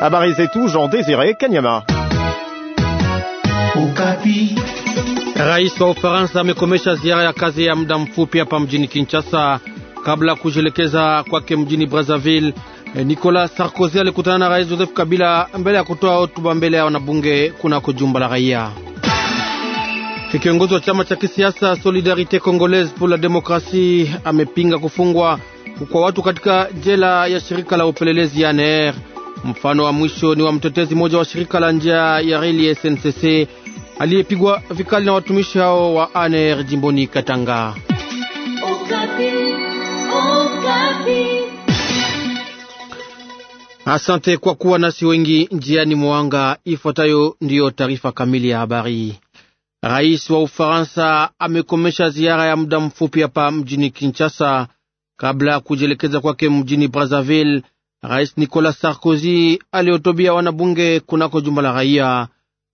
Habari zetu Jean Désiré Kanyama. Rais wa Ufaransa amekomesha ziara ya kazi ya muda mfupi hapa mjini Kinshasa kabla kujielekeza kwake mjini Brazzaville. Nicolas Sarkozy alikutana na Rais Joseph Kabila mbele ya kutoa hotuba mbele ya wanabunge kunako jumba la raia. Kiongozi wa chama cha kisiasa Solidarite Congolaise pour la Demokrasi amepinga kufungwa kwa watu katika jela ya shirika la upelelezi ANR. Mfano wa mwisho ni wa mtetezi mmoja wa shirika la njia ya reli SNCC aliyepigwa vikali na watumishi hao wa ANR jimboni Katanga. Okapi, Okapi. Asante kwa kuwa nasi wengi njiani mwanga. Ifuatayo ndiyo taarifa kamili ya habari. Rais wa Ufaransa amekomesha ziara ya muda mfupi hapa mjini Kinshasa kabla ya kujielekeza kwake mjini Brazzaville. Rais Nicolas Sarkozy alihutubia wanabunge kunako jumba la raia.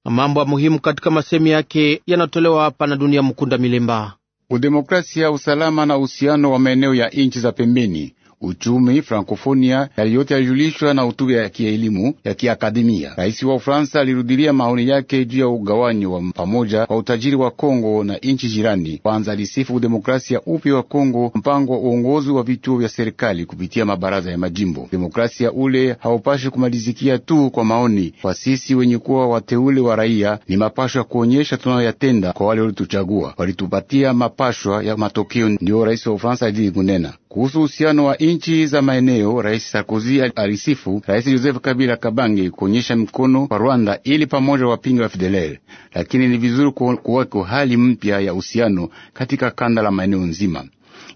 Mambo ya muhimu katika masemi yake yanatolewa hapa na Dunia Mkunda Milemba. Udemokrasia, usalama na uhusiano wa maeneo ya nchi za pembeni uchumi Frankofonia. Yali yote yalijulishwa na hutuba ya kielimu ya kiakademia. Rais wa Ufaransa alirudilia maoni yake juu ya ugawanyo wa pamoja wa utajiri wa Kongo na nchi jirani. Kwanza alisifu demokrasia upya wa Kongo, mpango wa uongozi wa vituo vya serikali kupitia mabaraza ya majimbo. Demokrasia ule haupashi kumalizikia tu kwa maoni kwa sisi wenye kuwa wateule wa raia, ni mapashwa ya kuonyesha tunayoyatenda kwa wale walituchagua, walitupatia mapashwa ya matokeo. Ndiyo rais wa Ufaransa kunena kuhusu uhusiano wa nchi za maeneo, Rais Sarkozy alisifu Rais Joseph Kabila Kabange kuonyesha mkono kwa Rwanda ili pamoja wapinga wa Fidelele, lakini ni vizuri kuweko hali mpya ya uhusiano katika kanda la maeneo nzima.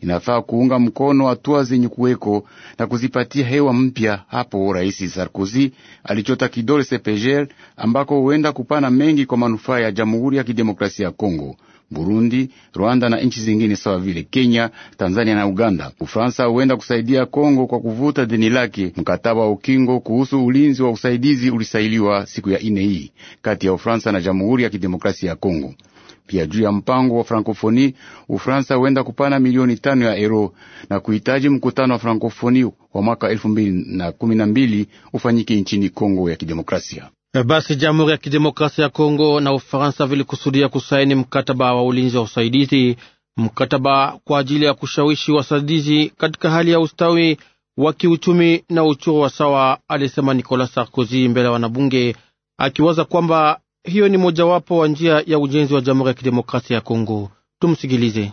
Inafaa kuunga mkono hatua zenye kuweko na kuzipatia hewa mpya. Hapo Rais Sarkozy alichota kidole Sepegel ambako huenda kupana mengi kwa manufaa ya Jamhuri ya Kidemokrasia ya Kongo. Burundi, Rwanda na nchi zingine sawa vile Kenya, Tanzania na Uganda. Ufaransa huenda kusaidia Kongo kwa kuvuta deni lake. Mkataba wa ukingo kuhusu ulinzi wa usaidizi ulisailiwa siku ya ine hii kati ya Ufaransa na Jamhuri ya Kidemokrasia ya Kongo. Pia juu ya mpango wa Frankofoni, Ufaransa huenda kupana milioni tano ya euro na kuhitaji mkutano wa Frankofoni wa mwaka elfu mbili na kumi na mbili ufanyike nchini Kongo ya Kidemokrasia. Eh, basi Jamhuri ya Kidemokrasia ya Kongo na Ufaransa vilikusudia kusaini mkataba wa ulinzi wa usaidizi, mkataba kwa ajili ya kushawishi wasaidizi katika hali ya ustawi wa kiuchumi na uchuru wa sawa, alisema Nicolas Sarkozy mbele ya wanabunge, akiwaza kwamba hiyo ni mojawapo wa njia ya ujenzi wa Jamhuri ya Kidemokrasia ya Kongo. Tumsikilize.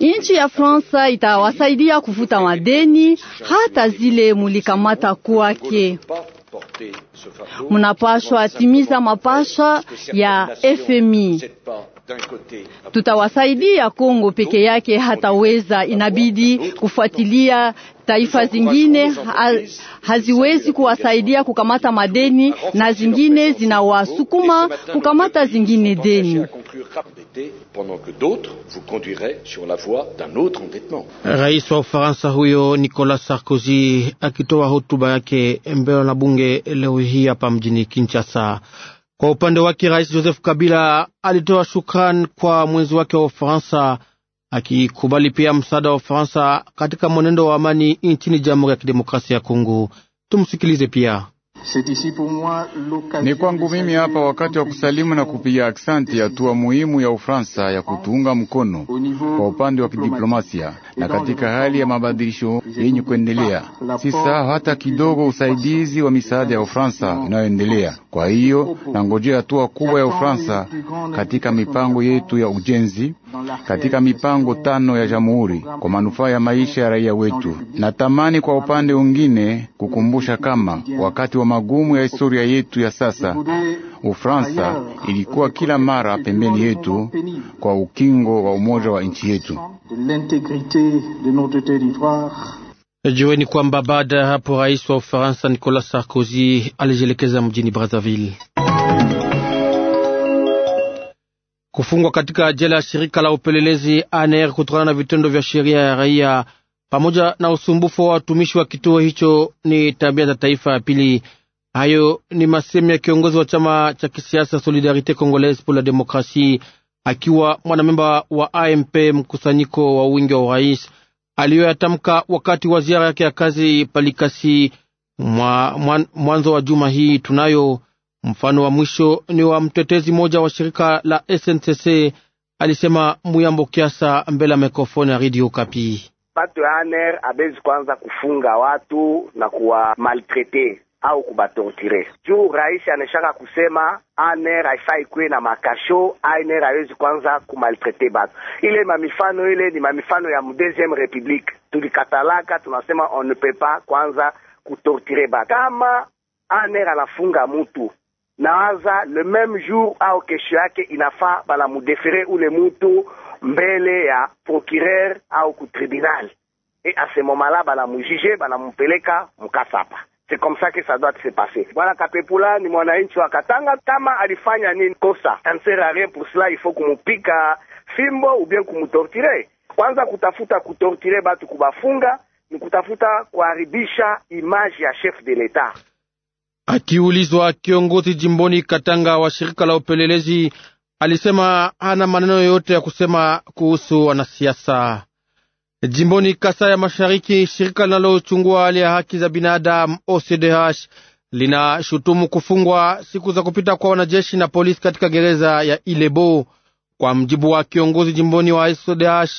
Nchi ya Fransa itawasaidia kufuta madeni hata zile mulikamata kwake. Munapashwa atimiza mapasha ya FMI. Tutawasaidia Kongo peke yake hataweza, inabidi kufuatilia taifa zingine haziwezi kuwasaidia kukamata madeni na zingine zinawasukuma kukamata zingine deni endettés pendant que d'autres vous conduiraient sur la voie d'un autre endettement. Rais wa Ufaransa huyo Nicolas Sarkozy akitoa hotuba yake mbele la bunge leo hii hapa mjini Kinshasa. Kwa upande wake Rais Joseph Kabila alitoa shukrani kwa mwenzi wake wa Ufaransa akikubali pia msaada wa Ufaransa katika mwenendo wa amani nchini Jamhuri ya Kidemokrasia ya Kongo. Tumsikilize pia. Ni kwangu mimi hapa wakati wa kusalimu na kupiga aksanti, hatua muhimu ya Ufaransa ya kutuunga mkono kwa upande wa kidiplomasia na katika hali ya mabadilisho yenye kuendelea. Si sawa hata kidogo usaidizi wa misaada ya Ufaransa inayoendelea. Kwa hiyo nangojea hatua kubwa ya Ufaransa katika mipango yetu ya ujenzi katika mipango tano ya jamhuri kwa manufaa ya maisha ya raia wetu. Natamani kwa upande ungine kukumbusha kama wakati wa magumu ya historia yetu ya sasa, Ufaransa ilikuwa kila mara pembeni yetu kwa ukingo wa umoja wa nchi yetu. Jueni kwamba baada ya hapo rais wa Ufaransa Nicolas Sarkozy alijielekeza mjini Brazzaville. kufungwa katika jela ya shirika la upelelezi ANR kutokana na vitendo vya sheria ya raia pamoja na usumbufu wa watumishi wa kituo hicho ni tabia za taifa ya pili. Hayo ni masemi ya kiongozi wa chama cha kisiasa Solidarite Congolaise pour la Demokrasie, akiwa mwanamemba wa AMP mkusanyiko wa wingi wa urais, aliyoyatamka wakati wa ziara yake ya kazi Palikasi mwa, mwanzo wa juma hii. Tunayo Mfano wa mwisho ni wa mtetezi mmoja wa shirika la SNCC alisema Muyambo Kiasa mbele ya mikrofoni ya Radio Kapi. bato ya aner abezi kwanza kufunga watu na kuwa maltrete au kubatortire juu rais anashaka kusema aner haifai kuwe na makasho, aner hawezi kwanza kumaltrete batu. Ile mamifano ile ni mamifano ya mdeuxieme republique, tulikatalaka tunasema on ne peut pas kwanza kutortire batu. Kama aner anafunga mtu nawaza le meme jour au kesho yake inafaa balamudefere ule mutu mbele ya procureur au kutribunal e asemomala balamujije balamupeleka mkasapa. C'est comme ça que ça doit se passer. Bwana Kapepula ni mwananchi wa Katanga, kama alifanya nini kosa anserarien pour cela il faut kumupika fimbo ou bien kumutortire. Kwanza kutafuta kutortire batu kubafunga ni kutafuta kuharibisha image ya chef de l'etat. Akiulizwa kiongozi jimboni Katanga wa shirika la upelelezi alisema hana maneno yoyote ya kusema kuhusu wanasiasa. Jimboni Kasai ya Mashariki, shirika linalochungua hali ya haki za binadamu OCDH linashutumu kufungwa siku za kupita kwa wanajeshi na polisi katika gereza ya Ilebo. Kwa mjibu wa kiongozi jimboni wa OCDH,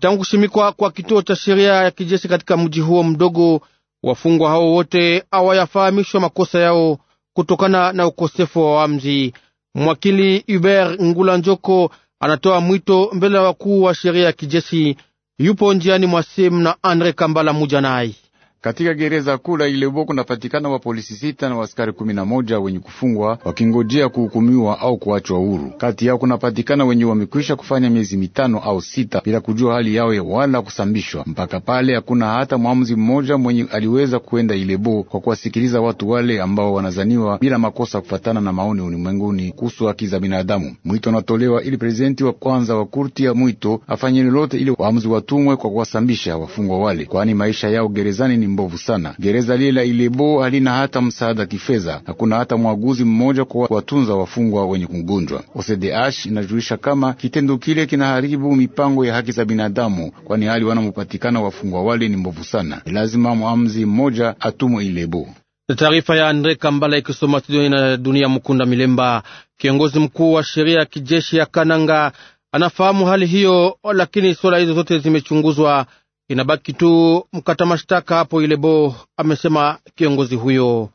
tangu kushimikwa kwa kituo cha sheria ya kijeshi katika mji huo mdogo Wafungwa hao wote hawayafahamishwa makosa yao kutokana na ukosefu wa wamzi. Mwakili Hubert Ngula Njoko anatoa mwito mbele ya wakuu wa sheria ya kijeshi. Yupo njiani mwa simu na Andre Kambala Mujanai. Katika gereza kuu la Ilebo kunapatikana wapolisi sita na waskari kumi na moja wenye kufungwa wakingojea kuhukumiwa au kuachwa huru. Kati yao kunapatikana wenye wamekwisha kufanya miezi mitano au sita bila kujua hali yao wala kusambishwa. Mpaka pale hakuna hata mwamuzi mmoja mwenye aliweza kuenda Ilebo kwa kuwasikiliza watu wale ambao wanazaniwa bila makosa kufatana na maoni ulimwenguni kuhusu haki za binadamu. Mwito unatolewa ili prezidenti wa kwanza wa kurti ya mwito afanye lolote ili waamuzi watumwe kwa kuwasambisha wafungwa wale, kwani maisha yao gerezani ni mbovu sana. Gereza lile la Ilebo halina hata msaada kifedha, hakuna hata mwaguzi mmoja kwa watunza wafungwa wenye kugonjwa. OCDH inajulisha kama kitendo kile kinaharibu mipango ya haki za binadamu, kwani hali wanamopatikana wafungwa wale ni mbovu sana. ni Lazima mwamzi mmoja atumwe Ilebo. Taarifa ya Andre Kambala ikisoma studio na Dunia Mkunda Milemba. Kiongozi mkuu wa sheria ya kijeshi ya Kananga anafahamu hali hiyo, lakini swala hizo zote zimechunguzwa Inabaki tu mkata mashtaka hapo Ilebo, amesema kiongozi huyo.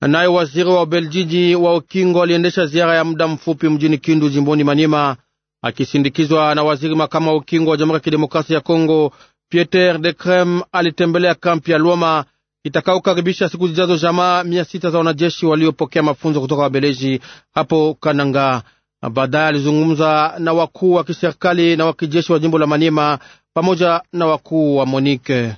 Naye waziri wa Ubeljiji wa ukingo aliendesha ziara ya muda mfupi mjini Kindu, jimboni Manyema, akisindikizwa na waziri makamu wa ukingo wa Jamhuri ya Kidemokrasia ya Kongo Pieter de Krem Alitembelea kampi ya Luoma itakaokaribisha siku zijazo jamaa mia sita za wanajeshi waliopokea mafunzo kutoka Wabeleji hapo Kananga. Baadaye alizungumza na wakuu wa kiserikali na wa kijeshi wa jimbo la Maniema pamoja na wakuu wa Monike.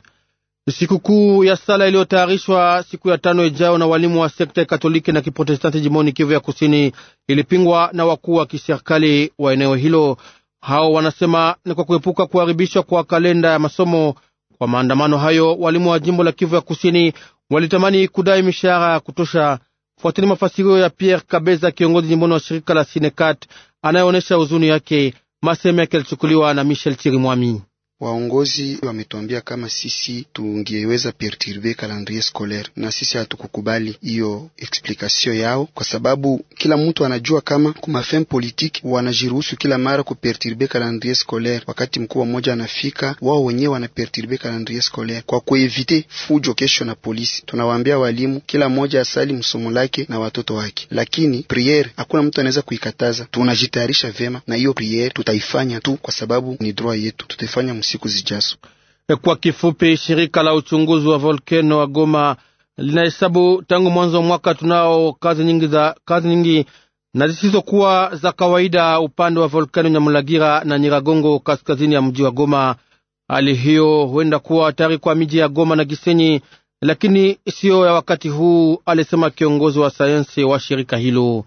Sikukuu ya sala iliyotayarishwa siku ya tano ijayo na walimu wa sekta ya Katoliki na Kiprotestanti jimoni Kivu ya Kusini ilipingwa na wakuu wa kiserikali wa eneo hilo. Hao wanasema ni kwa kuepuka kuharibishwa kwa kalenda ya masomo. Kwa maandamano hayo, walimu wa jimbo la Kivu ya Kusini walitamani kudai mishahara ya kutosha. Fuatini mafasirio ya Pierre Kabeza, kiongozi jimboni wa shirika la Sinekat anayeonyesha huzuni yake. Maseme yake yalichukuliwa na Michel Chirimwami. Waongozi wametuambia kama sisi tungeweza perturbe calendrier scolaire, na sisi hatukukubali hiyo explication yao, kwa sababu kila mtu anajua kama kumafem politique wanajiruhusu kila mara kuperturbe calendrier scolaire. Wakati mkuu mmoja anafika, wao wenyewe wanaperturbe calendrier scolaire kwa kuevite fujo kesho na polisi. Tunawaambia walimu kila mmoja asali msomo lake na watoto wake, lakini priere hakuna mtu anaweza kuikataza. Tunajitayarisha vema na hiyo priere, tutaifanya tu kwa sababu ni droit yetu, tutaifanya siku zijazo. E, kwa kifupi, shirika la uchunguzi wa volkeno wa Goma linahesabu tangu mwanzo wa mwaka tunao kazi nyingi, za, kazi nyingi na zisizokuwa za kawaida upande wa volkano Nyamulagira na Nyiragongo kaskazini ya mji wa Goma. Hali hiyo huenda kuwa hatari kwa miji ya Goma na Gisenyi, lakini siyo ya wakati huu, alisema kiongozi wa sayansi wa shirika hilo.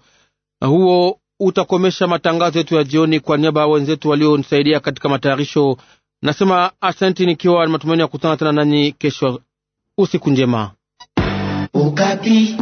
Huo utakomesha matangazo yetu ya jioni. Kwa niaba ya wenzetu walionisaidia katika matayarisho Nasema asanti nikiwa na matumaini ya kukutana tena nanyi kesho. Usiku njema Ukapi.